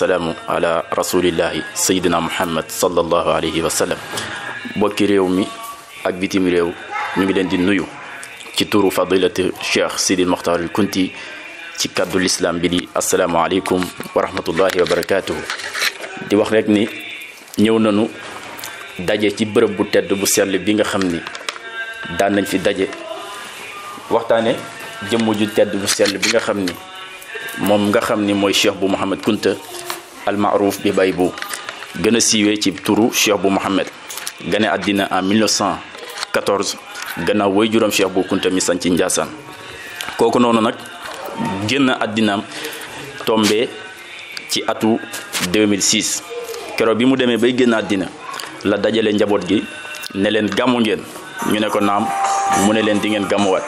wassalaamu ala rasulillahi sayidina muhammad sallallahu alayhi wa sallam bokki réew mi ak bitim réew ñu ngi leen di nuyu ci turu fadilati cheikh sidil moxtaarul ci kàddu lislaam bi di asalaamaaleykum wa rahmatullahi wax rek ni ñëw nañu daje ci bërëb tedd bu sell bi nga xam ni daan nañ fi daje waxtaane jëmm ju tedd bu sell bi nga xam ni moom nga xam ni mooy cheikh bu Mouhamad Kunta almaaruf bi bay bu gën a siiwee ci turu cheikh bu Mohamed gane àddina en 1914 gannaaw way juróom cheikh bu Kunta mi sanc Njaasaan kooku noonu nag génn àddinaam tombé ci atu 2006 keroog bi mu demee bay génn àddina la dajale njaboot gi ne leen gàmmu ngeen ñu ne ko naam mu ne leen di ngeen gàmmuwaat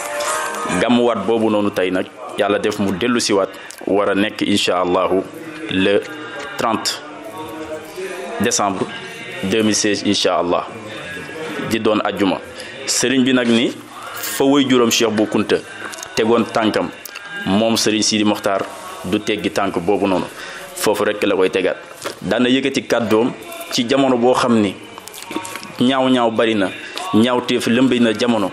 gàmmuwaat boobu noonu tey nag yàlla def mu dellu siwaat war nekk incha allahu le 30 décembre 2016 incha allah di doon ajjuma sëriñ bi nag ni fa way juróom Cheikh Bou Kounta tegoon tànkam moom sëriñ Sidi Mokhtar du teggi tànk boobu noonu foofu rek la koy tegaat daana yëkkati kàddoom ci jamono boo xam ni ñaaw ñaaw bari na ñaawteef lëmbi na jamono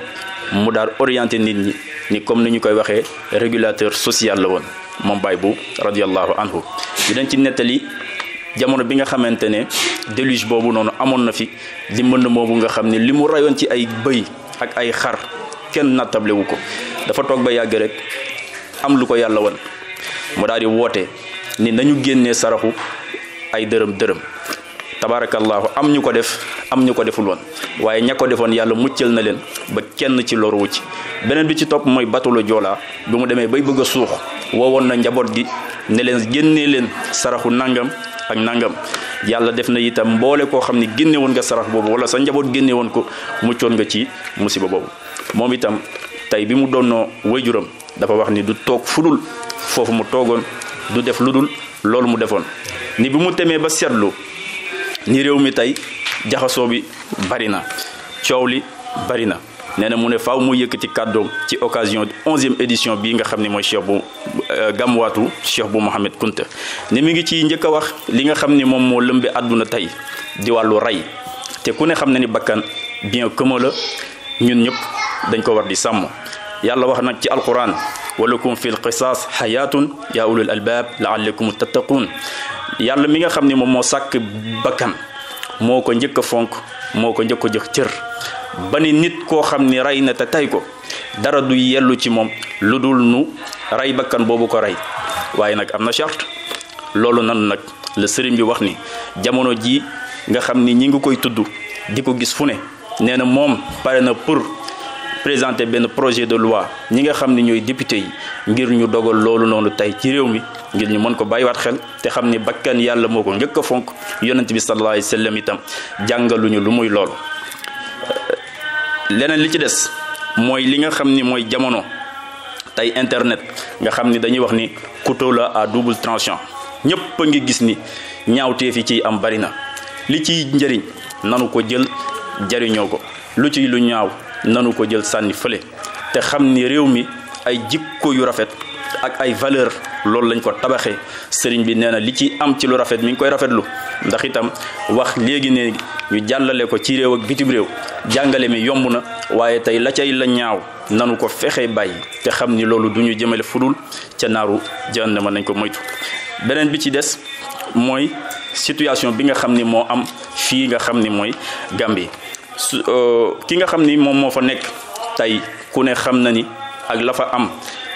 mu daal orienté nit ñi ni comme ni ñu koy waxee régulateur sociale la woon moom baay bu radiallahu anhu dinañ ci nettali jamono bi nga xamante ne déluge boobu noonu amoon na fi li mbënd moomu nga xam ne li mu rayoon ci ay bëy ak ay xar kenn nattable wu ko dafa toog ba yàgg rek am lu ko yàlla woon mu daal di woote ni nañu génne saraxu ay dërëm dërëm tabaarakallaahu am ñu ko def am ñu ko deful woon waaye ña ko defoon yàlla muccal na leen ba kenn ci loru ci beneen bi ci topp mooy batulu joolaa bi mu demee bay bëgg a suux woowoon na njaboot gi ne leen génnee leen saraxu nangam ak nangam yàlla def na itam mboole koo xam ne génne woon nga sarax boobu wala sa njaboot génne woon ko muccoon nga ci musiba boobu moom itam tey bi mu doonnoo waajuram dafa wax ni du toog fu dul foofu mu toogoon du def lu dul loolu mu defoon ba seetlu ni rew mi tay jaxaso bi bari na coow li bari na nee mu ne faaw mu yëkkati kàddoom ci occasion 11e édition bi nga xam ne mooy cheikh bu gàmmuwaatu cheikh bu Mohamed Kunta ni mi ngi ci njëkk a wax li nga xam ni moom moo lëmbe àdduna tey di wàllu rey te ku ne xam na ni bakkan bien comme la ñun ñëpp dañ ko war di sàmm yàlla wax nag ci alquran walakum fi l qisaas xayaatun yaa ulul albaab laallakum tattaquun yalla mi nga xamni mom mo sak bakan moko ñëk ko fonk moko ko jox cër bani nit ko xamni ni na tay ko dara du yellu ci mom lu dul nu ray bakan bobu ko ray waye nak am charte lolu nan nak le serigne bi wax ni jamono ji nga xamni ñi ngi koy tuddu di gis fu ne nee na na pour présenté benn projet de loi ñi nga xam ne ñooy député yi ngir ñu dogal loolu noonu tey ci réew mi ngir ñu mën ko bàyyiwaat xel te xam ni bakkan yàlla moo ko njëkk a fonk yonent bi sallallahu alayhi wa sallam itam jàngaluñu lu muy lool leneen li ci des mooy li nga xam ni mooy jamono tey internet nga xam ni dañuy wax ni couteau la à double tranchant ñëpp a ngi gis ni ñaawteef yi ci am bari na li ciy njëriñ nanu ko jël jariñoo ko lu ciy lu ñaaw nanu ko jël sànni fële te xam ni réew mi ay jikko yu rafet ak ay valeur loolu lañ ko tabaxee sëriñ bi nee na li ci am ci lu rafet mi ngi koy rafetlu ndax itam wax léegi ne ñu jàllale ko ci réew ak bitim réew jàngale mi yomb na waaye tey la cay la ñaaw nanu ko fexe bàyyi te xam ni loolu du ñu jëmale fudul ca naaru jahannama nañ ko moytu beneen bi ci des mooy situation bi nga xam ni moo am fii nga xam ni mooy Gambie su euh, ki nga xam ni moom moo fa nekk tey ku ne xam na ni ak lafa am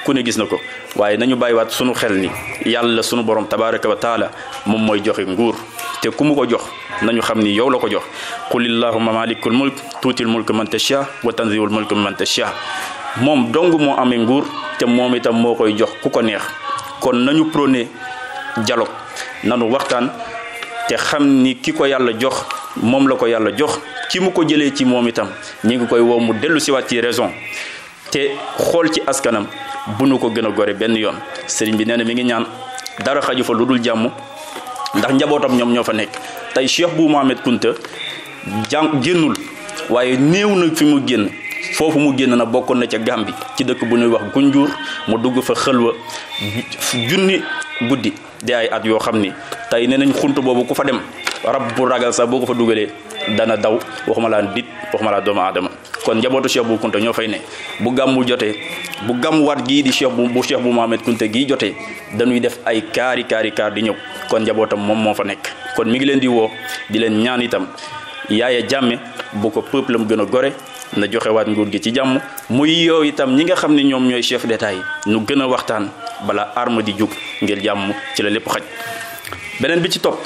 ku ne gis na ko waaye nañu bàyyiwaat sunu xel ni yàlla sunu borom tabaraka wa taala moom mooy joxe nguur te ku mu ko jox nañu xam ni yow la ko jox qul illahuma malikul mulk tuutil mulk man tasha wa tanziul mulk man tasha moom dong moo amee nguur te moom itam moo koy jox ku ko neex kon nañu prone dialogue nanu waxtaan te xam ni ki ko yàlla jox moom la ko yàlla jox ki mu ko jëlee ci moom itam ñi ngi koy woo mu dellu ci raison te xool ci askanam bu nu ko gën a gore benn yoon sëriñ bi nee mi ngi ñaan dara xaju fa lu dul jàmm ndax njabootam ñoom ñoo fa nekk tey cheikh bu mohamed kunta jàng génnul waaye néew na fi mu génn foofu mu génn na bokkoon na ca gambi ci dëkk bu ñuy wax gunjur mu dugg fa xëlwa junni guddi di ay at yoo xam ni tey xunt boobu ku fa dem rab bu ragal sa boko fa dugale dana daw waxuma la dit waxuma la doomu aadama kon jabotu cheikh bu kunta ñofay ne bu gamu joté bu gam gi di cheikh bu bu cheikh bu mohammed kunta gi joté dañuy def ay kari kari kar di ñok kon jabotam mom mo fa nek kon mi ngi len di wo di len ñaan itam yaaya jamme bu ko peuple am gëna goré gore na joxe wat nguur gi ci jamm muy yow itam ñi nga xamni ñom ñoy chef d'état yi ñu gëna waxtaan bala arme di juk ngir jamm ci la lepp xaj benen bi ci top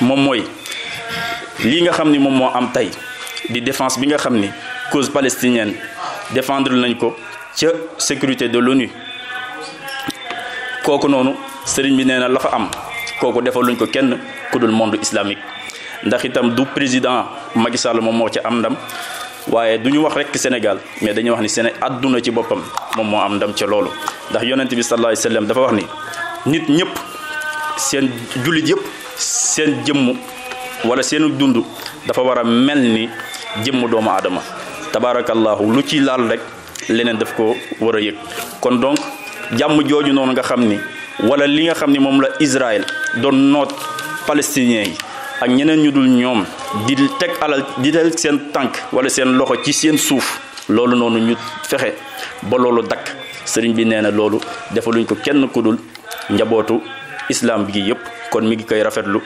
mom moy li nga xamni mom mo am tay di défense bi nga xamni cause palestinienne défendre nañ ko ci sécurité de l'ONU koku noonu serigne bi nee la fa am koku defal luñ ko kenn ku monde islamique ndax itam du président Macky Sall mom mo ci am ndam waye duñu wax rek Sénégal mais dañu wax ni Séné aduna ci bopam mom mo am ndam ci lolu ndax yonent bi sallallahu alayhi wasallam dafa wax ni nit ñepp sen jullit yëpp seen jëmm wala seenu dund dafa war a mel ni jëmm doomu aadama tabaarakallaahu lu ci laal rek leneen daf ko war a yëg kon donc jàmm jooju noonu nga xam ni wala li nga xam ni moom la Israël doon noot palestiniens yi ak ñeneen ñu dul ñoom di teg alal di teg seen tànk wala seen loxo ci seen suuf loolu noonu ñu fexe ba loolu dakk sëriñ bi nee na loolu defaluñ ko kenn ku dul njabootu islam bi gi yëpp kon mi ngi koy rafetlu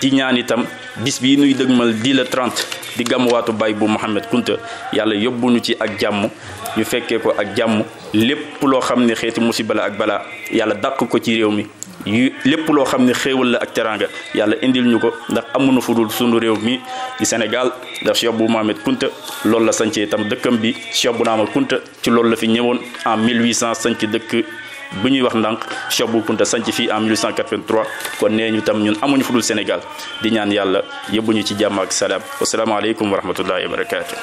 di ñaan itam bis bii nuy ma di la 30 di gàmmuwaatu bay bu Mouhamed Kunta yàlla yóbbuñu ci ak jàmm ñu fekkee ko ak jàmm lépp loo xam ne xeeti musiba la ak balaa yàlla dàq ko ci réew mi lépp loo xam ne xéewal la ak teraanga yàlla indil ñu ko ndax amuñu fu dul sunu réew mi ci Sénégal ndax Cheikh bu Mouhamed Kunta loolu la sancee itam dëkkam bi Cheikh bu Naama Kunta ci loolu la fi ñëwoon en 1800 dëkk bu ñuy wax ndànk chabu Bou Kounta fi en 1883 kon neñu tam ñun amuñu fudul Sénégal di ñaan yàlla yóbbuñu ci jàmm ak salam salaam alaykum wa rahmatullahi wa barakatu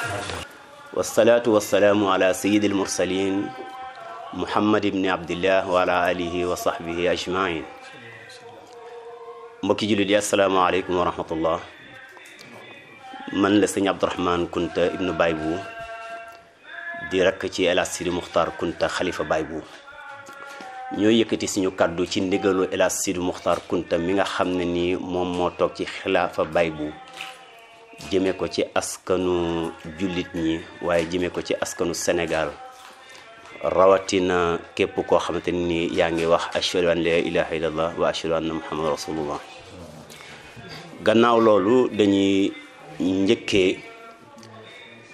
wasalaatu wasalaamu ala sayyidil mursalin muhammad ibni abdillah wa ala alihi wa sahbihi ajmain mbokki jullit yi asalaamaaleykum wa rahmatullah man la sëñ Abdourahmane Kounta ibnu Baye Bou di rakk ci El Hadj Sidi Muxtaar Kounta ñoo yëkkati suñu kàddu ci ndigalu El Hadj Sidi Kunta mi nga xam ne nii moom moo toog ci xilaafa bay bu jëme ko ci askanu jullit ñi waaye jëme ko ci askanu Sénégal rawatina képp koo xamante ni yaa ngi wax ashhadu an la ilaha illallah wa ashhadu anna muhammad rasulullah gannaaw loolu dañuy njëkkee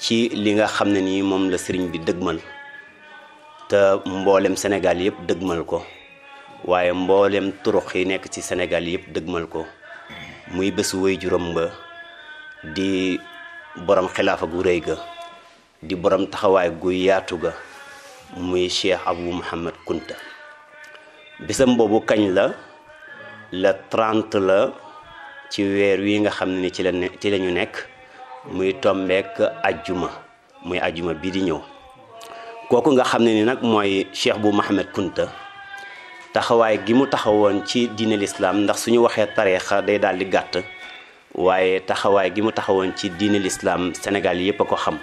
ci li nga xam ne ni moom la sëriñ bi dëgmal te mboolem senegal yëpp dëgmal ko waaye mboolem turux yi nekk ci senegal yëpp dëgmal ko muy bésu way juróom ba di boroom xilaafa gu rëy ga di boroom taxawaay guy yaatu ga muy Cheikh Abou Mouhamed Kunta bisam boobu kañ la la 30 la ci weer wi nga xam ni ci la ñu nekk muy tombeek ajjuma muy ajjuma bii di ñëw kooku nga xam ne ni nag mooy cheikh bu Mahamad Kunta taxawaay gi mu taxawoon ci diine lislaam ndax suñu waxee tariixa day daal di gàtt waaye taxawaay gi mu taxawoon ci diine lislaam Sénégal yépp a ko xam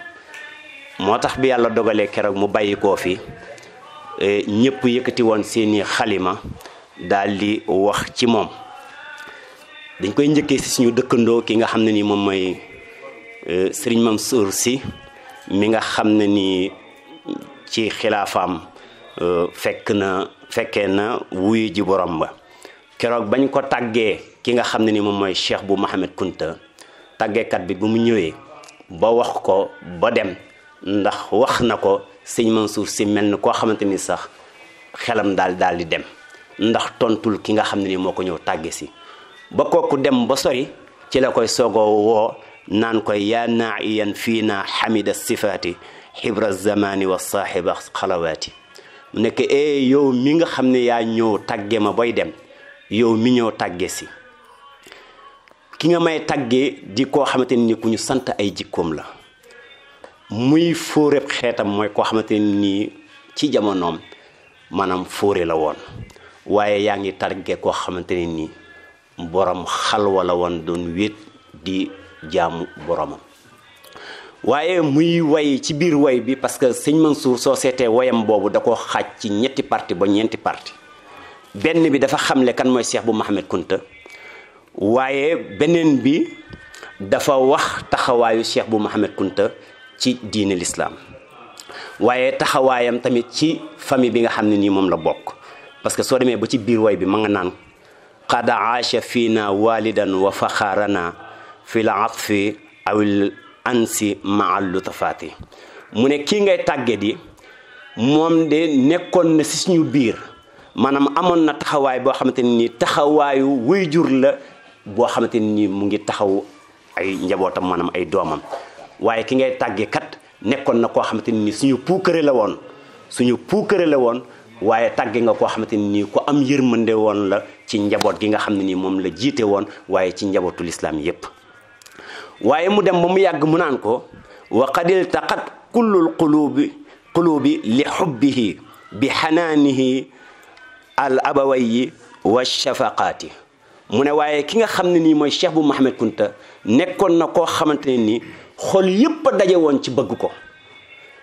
moo tax bi yàlla dogalee keroog mu bàyyi koo fi e, ñëpp yëkkati woon seeni xalima daal di wax ci moom dañ koy njëkkee si suñu dëkkandoo ki nga xam ne ni moom mooy e, sëriñ Mansour si mi nga xam ne nii ci xilaafaam euh, fekk na fekke na wuyu ji borom ba keroog bañ ko tàggee ki nga xam ne ni moom mooy cheikh bu Mohamed Kunta tàggeekat bi bu mu ñëwee ba wax ko ba dem ndax wax na ko sëñ suuf si mel ni koo xamante ni sax xelam daal daal di dem ndax tontul ki nga xam ne ni moo ko ñëw tàgge si ba kooku dem ba sori ci la koy soogoo woo naan koy yaa naa iyan fii naa xamida sifaati xibra zamani wa saaxiba xalawaati mu nekk e yow mi nga xam ne yaa ñëw tàgge ma boy dem yow mi ñëw tàgge si ki nga may tàggee di koo xamante ni ku ñu sant ay jikkoom la muy fóoréb xeetam mooy koo xamante nii ci jamonoom maanaam fóore la woon waaye yaa ngi tàgge koo xamante ne nii boroom xal la woon doon wéet di jaamu boromam waaye muy woy ci biir woy bi parce que sëñ Mansour soo seetee woyam boobu da ko xaaj ci ñetti parti ba ñeenti parti benn bi dafa xamle kan mooy seex bu Mouhamed Kunta waaye beneen bi dafa wax taxawaayu Cheikh bu Mouhamed Kunta ci diine lislaam waaye taxawaayam tamit ci famille bi nga xam ne nii moom la bokk parce que soo demee ba ci biir woy bi ma nga naan qad aasha fiina walidan wa faxaarana fi l atfi awil ansi maal lutafaati mu ne kii ngay tàgget yi moom de nekkoon na si suñu biir maanaam amoon na taxawaay boo xamante ne nii taxawaayu wuy jur la boo xamante ne nii mu ngi taxaw ay njabootam maanaam ay doomam waaye ki ngay tàggee kat nekkoon na koo xamante ne nii suñu puukare la woon suñu puukare la woon waaye tàgge nga koo xamante ne nii ku am yërmande woon la ci njaboot gi nga xam ne nii moom la jiite woon waaye ci njabootu lislaam yépp waaye mu dem ba mu yàgg mu naan ko wa qad iltaqat kullul qulubi qulubi li xubbihi bi xanaanihi al abawayyi wa shafaqaati mu ne waaye ki nga xam ne nii mooy cheikh bu Mouhamed Kunta nekkoon na koo xamante ne nii xool yépp a daje woon ci bëgg ko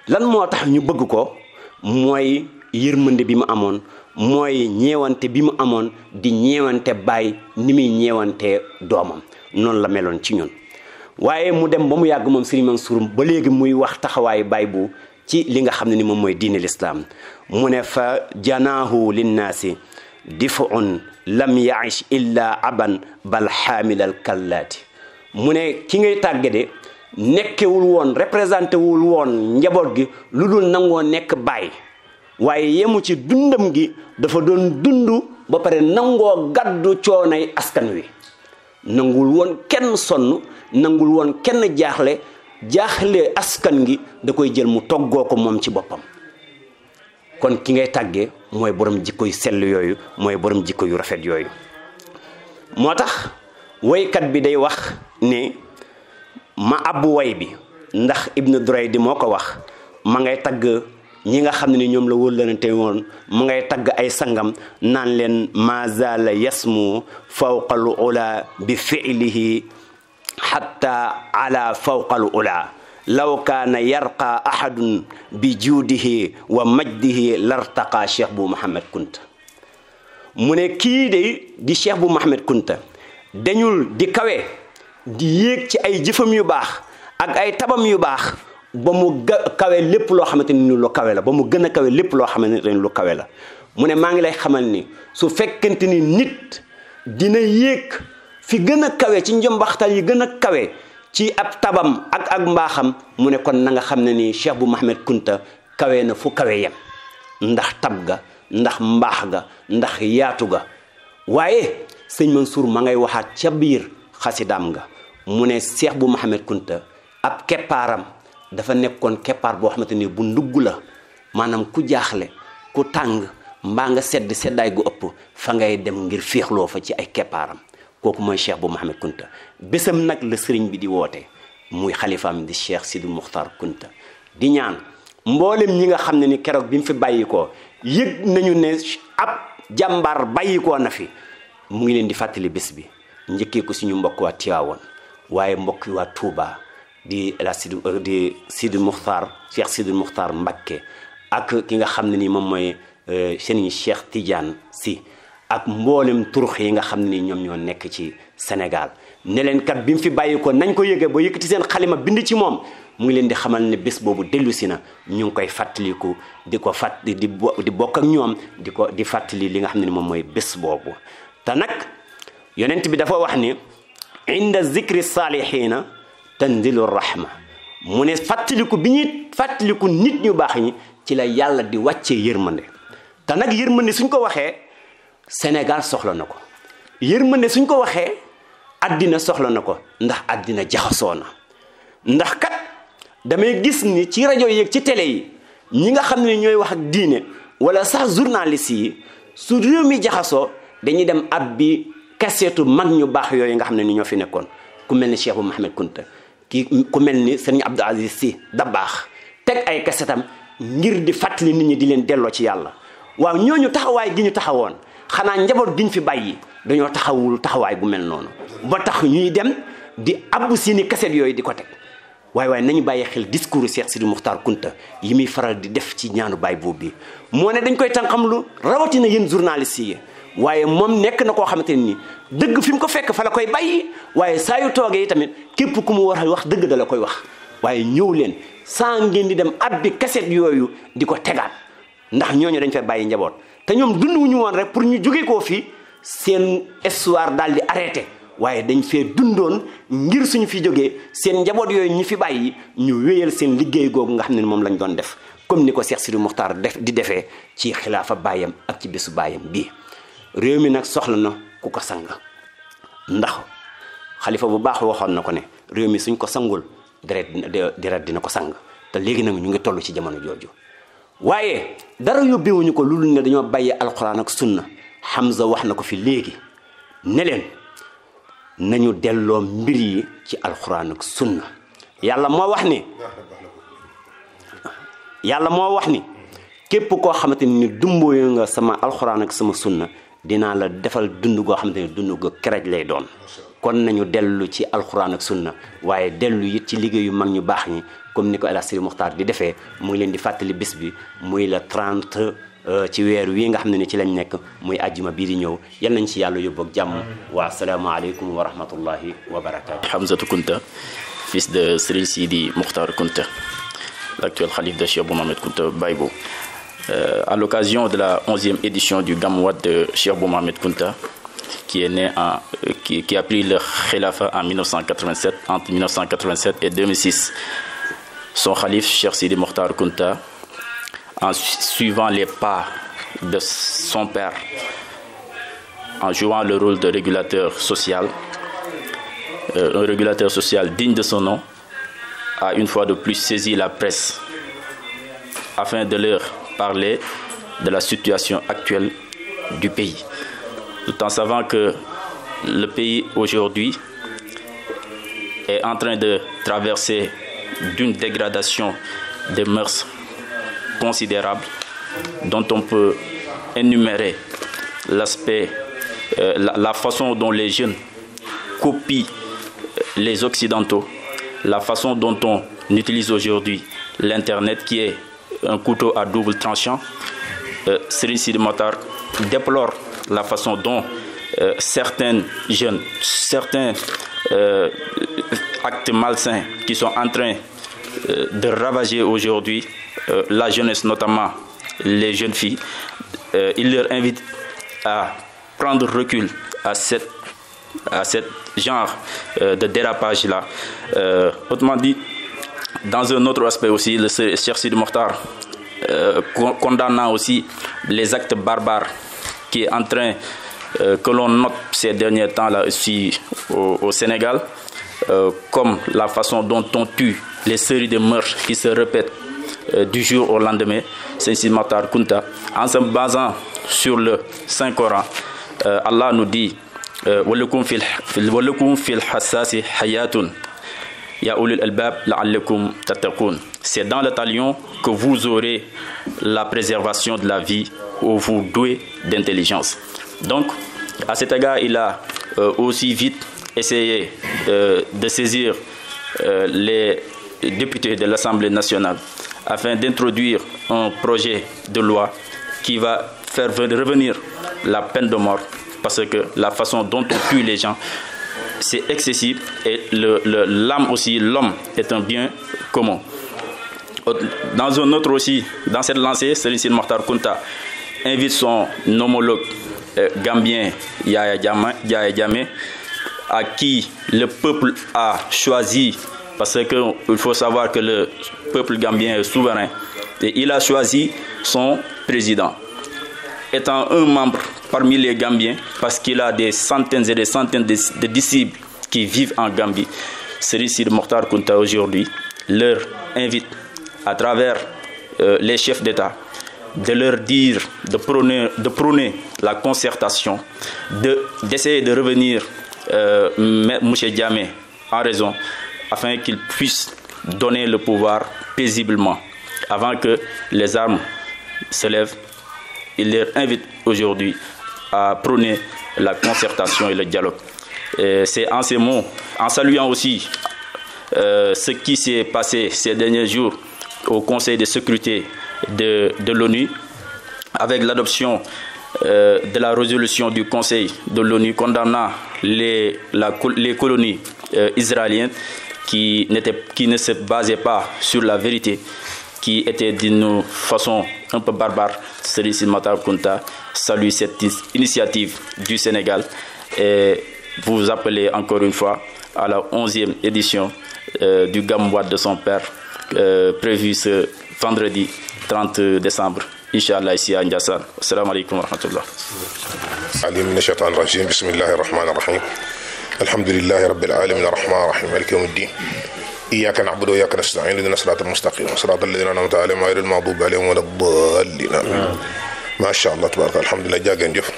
lan moo tax ñu bëgg ko mooy yërmande bi mu amoon mooy ñeewante bi mu amoon di ñeewante baay ni muy ñeewante doomam noonu la meloon ci ñun waaye mu dem ba mu yàgg moom Serigne Mansour ba léegi muy wax taxawaayu baay bu ci li nga xam ne ni moom mooy diine lislaam mu ne fa janaahu linnaasi difuun lam yaish illa aban bal xaamilal kallaati mu ne ki ngay tàgge de nekkewul woon représenté wul woon njaboot gi lu dul nangoo nekk baay waaye yemu ci dundam gi dafa doon dundu ba pare nangoo gàddu coonay askan wi nangul woon kenn sonn nangul woon kenn jaaxle jaaxle askan gi da koy jël mu toggoo ko moom ci boppam kon ki ngay tàggee mooy borom jikko yu sell yooyu mooy borom jikko yu rafet yooyu moo tax woykat bi day wax ne ma abbu way bi ndax Ibnu di moo ko wax ma ngay tagg ñi nga xam ne ni ñoom la la wóllante woon mu ngay tagg ay sangam naan leen mazala yasmu fawqal ula bi fiilihi hatta ala fawqa al ula law yarqa ahadun bi juudihi wa majdihi lartaqa cheikh bu Mouhamed Kunta mu ne kii de di cheikh bu Mouhamed Kunta dañul di kawe di yéeg ci ay jëfam yu baax ak ay tabam yu baax ba mu kawe lépp loo xamante ni lu kawe la ba mu gën a kawe lépp loo xamante ni lu kawe la mu ne maa ngi lay xamal ni su fekkente ni nit dina yéeg fi gën a kawe ci njëmbaxtal yi gën a kawe ci ab tabam ak ak mbaaxam mu ne kon na nga xam ne nii cheikh bu Mahamad Kunta kawe na fu kawe yam ndax tab ga ndax mbaax ga ndax yaatu ga waaye sëñ Mansour ma ngay waxaat ca biir xasidaam nga mu ne cheikh bu Mahamad Kunta ab keppaaram dafa nekkoon keppaar boo xamante ni bu ndugg la maanaam ku jaaxle ku tàng mbaa nga sedd seddaay gu ëpp fa ngay dem ngir féexloo fa ci ay keppaaram koku moy cheikh bu mohammed Kunta bésam nak le serigne bi di woote muy am di cheikh sidou mukhtar Kunta di ñaan mboolem ñi nga xamne ni kérok bi mu fi bayiko yëg nañu ne ab jambar bayiko na fi mu ngi len di fatali bés bi ñeeke ko suñu mbokk wa tiawon waye mbokk wa Touba di la sidou di sidou mukhtar cheikh sidou mukhtar mbacke ak ki nga xamne ne ni moom mooy sëriñ cheikh Tidiane si. ak mboolem turux yi nga xam ni ñoom ñoo nekk ci Sénégal ne leen kat bi mu fi bàyyi ko nañ ko yëgee ba yëkkati seen xalima bind ci moom mu ngi leen di xamal ne bés boobu dellu si na ñu ngi koy fàttaliku di ko di di bokk ak ñoom di ko di fàttali li nga xam ne moom mooy bés boobu te nag yonent bi dafa wax ni inda zikri saalihiina tanzilu rahma mu ne fàttaliku bi ñuy fàttaliku nit ñu baax ñi ci la yàlla di wàccee yërmande te nag yërmande suñ ko waxee Sénégal soxla na ko yërmande suñ ko waxee àddina soxla na ko ndax àddina jaxasoo na ndax kat damay gis ni ci rajo yeeg ci télé yi ñi nga xam ne ñooy wax ak diine wala sax journaliste yi su réew mi jaxasoo dañuy dem ab bi kaseetu mag ñu baax yooyu nga xam ne ni ñoo fi nekkoon ku mel ni Cheikh bu Mahamad Kunta ki ku mel ni Serigne Abdou Aziz Sy Dabakh teg ay kasetam ngir di fàttali nit ñi di leen delloo ci yàlla waaw ñooñu taxawaay gi ñu taxawoon xanaa njaboot giñ fi bàyyi dañoo taxawul taxawaay bu mel noonu ba tax ñuy dem di abbu seeni kaset yooyu di ko teg waaye waaye nañu bàyyi xel discours Cheikh Sidi Moukhtar Kunta yi muy faral di def ci ñaanu baay boobu bi moo ne dañ koy tànqamlu rawatina yéen journaliste yi waaye moom nekk na koo xamante ne nii dëgg fi mu ko fekk fa la koy bàyyi waaye saa yu toogee tamit képp ku mu war a wax dëgg dala koy wax waaye ñëw leen saa ngeen di dem abbi kaset yooyu di ko tegaat ndax ñooñu dañ fay bàyyi njaboot te ñoom dund wu ñu woon rek pour ñu jóge koo fii seen histoire daal di arrêté waaye dañ fee dundoon ngir suñu fi jógee seen njaboot yooyu ñu fi bàyyi ñu wéyal seen liggéey googu nga xam ne moom lañ doon def comme ni ko Cheikh Sidi Mokhtar def di defee ci xilaafa baayam ak ci bésu baayam bii réew mi nag soxla na ku ko sang ndax xalifa bu baax waxoon na ko ne réew mi suñ ko sangul deret deret dina ko sang te léegi nag ñu ngi toll ci jamono jooju waaye dara yóbbewuñu ko loolu ne dañoo bàyyi alxuraan ak sunna Hamza wax na ko fi léegi ne nañu delloo mbir yi ci alxuraan ak sunna yàlla moo wax ni yàlla moo wax ni képp koo xamante ni dumbooyu nga sama alxuraan ak sama sunna dinaa la defal dund goo xamante ni dund go kereej lay doon kon nañu dellu ci alxuraan ak sunna waaye dellu it ci liggéeyu mag ñu baax ñi comme ni ko El Hadj di defé mu ngi len di fatali bés bi muy le 30 euh, ci weer wi nga xamné ci lañ nek muy aljuma bi di ñew yal nañ ci yalla yob ak jamm wa alaykum wa rahmatullahi wa barakatuh. Hamza Kunta, fils de Serigne Sidi mokhtar kunta l'actuel khalife de Cheikh Bou kunta Kounta euh, à l'occasion de la 11e édition du Gamouad de Cheikh Bou Mohamed qui est né en, euh, qui, qui a pris le khilafa en 1987 entre 1987 et 2006 son khalif Cheikh Sidi Mokhtar Kunta, en suivant les pas de son père, en jouant le rôle de régulateur social, euh, un régulateur social digne de son nom, a une fois de plus saisi la presse afin de leur parler de la situation actuelle du pays. Tout en savant que le pays aujourd'hui est en train de traverser d'une dégradation des mœurs considérable dont on peut énumérer l'aspect, euh, la, façon dont les jeunes copient euh, les Occidentaux, la façon dont on utilise aujourd'hui l'Internet qui est un couteau à double tranchant. Euh, Cyril déplore la façon dont euh, certains jeunes, certains actes malsains qui sont en train euh, de ravager aujourd'hui euh, la jeunesse, notamment les jeunes filles, euh, il leur invite à prendre recul à cette à ce genre de dérapage-là. autrement dit, dans un autre aspect aussi, le cher Sid Mortar, condamnant aussi les actes barbares qui est en train, que l'on note ces derniers temps-là aussi au Sénégal, euh, comme la façon dont on tue, les séries de mœurs qui se répètent euh, du jour au lendemain, c'est Matar Kunta. En se basant sur le Saint-Coran, euh, Allah nous dit c'est dans le talion que vous aurez la préservation de la vie ou vous douez d'intelligence. Donc, à cet égard, il a aussi vite essayer euh, de saisir euh, les députés de l'Assemblée nationale afin d'introduire un projet de loi qui va faire revenir la peine de mort parce que la façon dont on tue les gens, c'est excessif et l'âme le, l'âme aussi, l'homme est un bien commun. Dans un autre aussi, dans cette lancée, Céline Mortar Kunta invite son homologue euh, gambien Yaya Diame à qui le peuple a choisi, parce qu'il faut savoir que le peuple gambien est souverain, et il a choisi son président, étant un membre parmi les Gambiens, parce qu'il a des centaines et des centaines de, disciples qui vivent en Gambie. Celui-ci de mortar Kunta aujourd'hui leur invite à travers euh, les chefs d'État de leur dire de prôner, de prôner la concertation, d'essayer de revenir euh, M. Diamé en raison, afin qu'il puisse donner le pouvoir paisiblement, avant que les armes se lèvent. Il les invite aujourd'hui à prôner la concertation et le dialogue. C'est en ces mots, en saluant aussi euh, ce qui s'est passé ces derniers jours au Conseil de sécurité de l'ONU, avec l'adoption euh, de la résolution du Conseil de l'ONU condamnant les, les colonies euh, israéliennes qui, qui ne se basaient pas sur la vérité, qui étaient d'une façon un peu barbare. celui Matar Kunta, salue cette initiative du Sénégal et vous appelez encore une fois à la 11e édition euh, du Gambois de son père, prévue ce vendredi 30 décembre ان شاء الله سي انجسان السلام عليكم ورحمه الله علي من الشيطان الرجيم بسم الله الرحمن الرحيم الحمد لله رب العالمين الرحمن الرحيم مالك يوم الدين اياك نعبد واياك نستعين لنا الصراط المستقيم صراط الذين انعمت عليهم غير المغضوب عليهم ولا الضالين ما شاء الله تبارك الحمد لله جاك نجف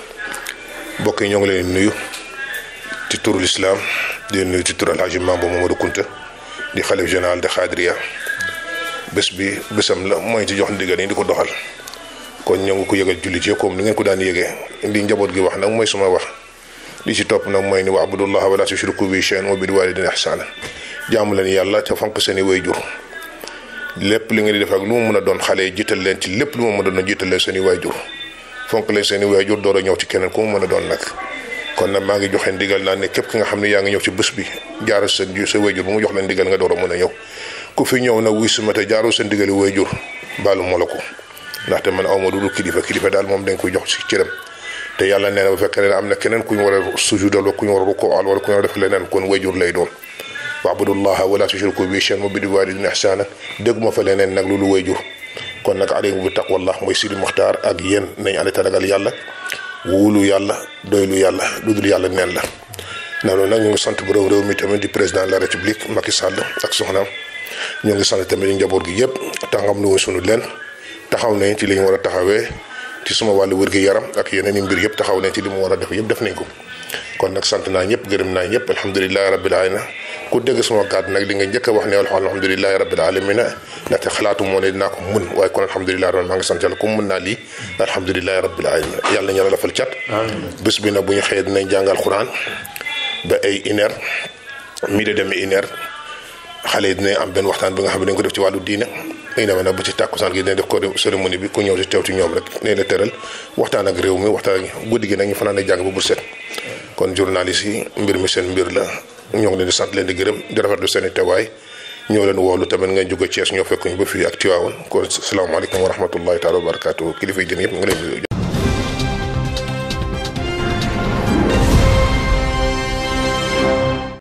بوك نيوغ لي نيو تي الاسلام دي نيو تي تور الحاج مامبو مامدو كنت دي خليفه جنرال دي خادريا بس بي بسم الله موي تي جوخ ديغالي ديكو دوخال kon ñëw ngi ko yëgal jullit yi comme ni ngeen ko daan yëgee ndi njaboot gi wax nag mooy suma wax li ci topp nag mooy ni wa abudullah wala tushriku bi shay'an wa bil walidayni ihsana jaamu leen yàlla ca fonk seen i wayjur lépp li ngeen di def ak lu mu mën a doon xale yi jiital leen ci lépp lu mu mën a doon jiital leen seen i wayjur fonk leen seen i wayjur door a ñëw ci keneen ku mu mën a doon nag kon nag maa ngi joxe ndigal naa ne képp ki nga xam ne yaa ngi ñëw ci bés bi jaaral sa sa wayjur bu mu jox leen ndigal nga door a mën a ñëw ku fi ñëw nag wuy sumate jaaru sa ndigali wayjur baalu ma la ko ndaxte man awma dul kilifa kilifa daal moom dañ koy jox ci cëram te yàlla nee na bu am na keneen ku ñu war a sujudal wala ku ñu war a rukoal wala ku ñu war a def leneen kon wayjur lay doon waabudullaha wala tushriku bihi shay'an wa bil walidayni ihsana dégguma fa leneen nag loolu wayjur kon nag aleykum bi taqwallah mooy Sidi Muxtaar ak yéen nañ ale taragal yàlla wóolu yàlla doylu yàlla dudul yàlla neen na na loolu nag ñu ngi sant borom réew mi tamit di président de la république Macky Sall ak soxnaam ñu ngi sant tamit njaboot gi yëpp tàngam lu sunu leen taxaw nañ ci li ñu war a taxawee ci suma wàllu wér-gu-yaram ak yeneen i mbir yëpp taxaw nañ ci li mu war a def yëpp def nañ ko kon nag sant naa ñëpp gërëm naa ñëpp alhamdulilahi rabbil alamin ku dégg suma kàddu nag li nga njëkk a wax ne alhamdulilahi rabbil alamin ndaxte xalaatu moo ne dinaa ko mun waaye kon alhamdulilahi rabbil maa ngi sant yàlla ku mun naa lii alhamdulilahi rabbil yàlla ñala lafal cat bés bi nag bu ñu xëyee dinañ jàngal quran ba ay une heure mi de demee une heure xale yi dinañ am benn waxtaan bi nga xam ne dañ ko def ci wàllu diine dañu demee nag ba ci tàkkusaan gi dinañ def ko cérémonie bi ku ñëw ci teew ci ñoom rek nañ la tëral waxtaan ak réew mi waxtaan ak guddi gi nag ñu fanaan jàng ba bu set kon journaliste yi mbir mi seen mbir la ñoo ngi leen di sant leen di gërëm di rafetlu seen i teewaay ñoo woo woolu tamit nga jóge Thiès ñoo fekkuñu ba fii ak Tiwaawan kon salaamaaleykum wa rahmatullahi taala wa barakaatu kilifa yi jën yëpp nga leen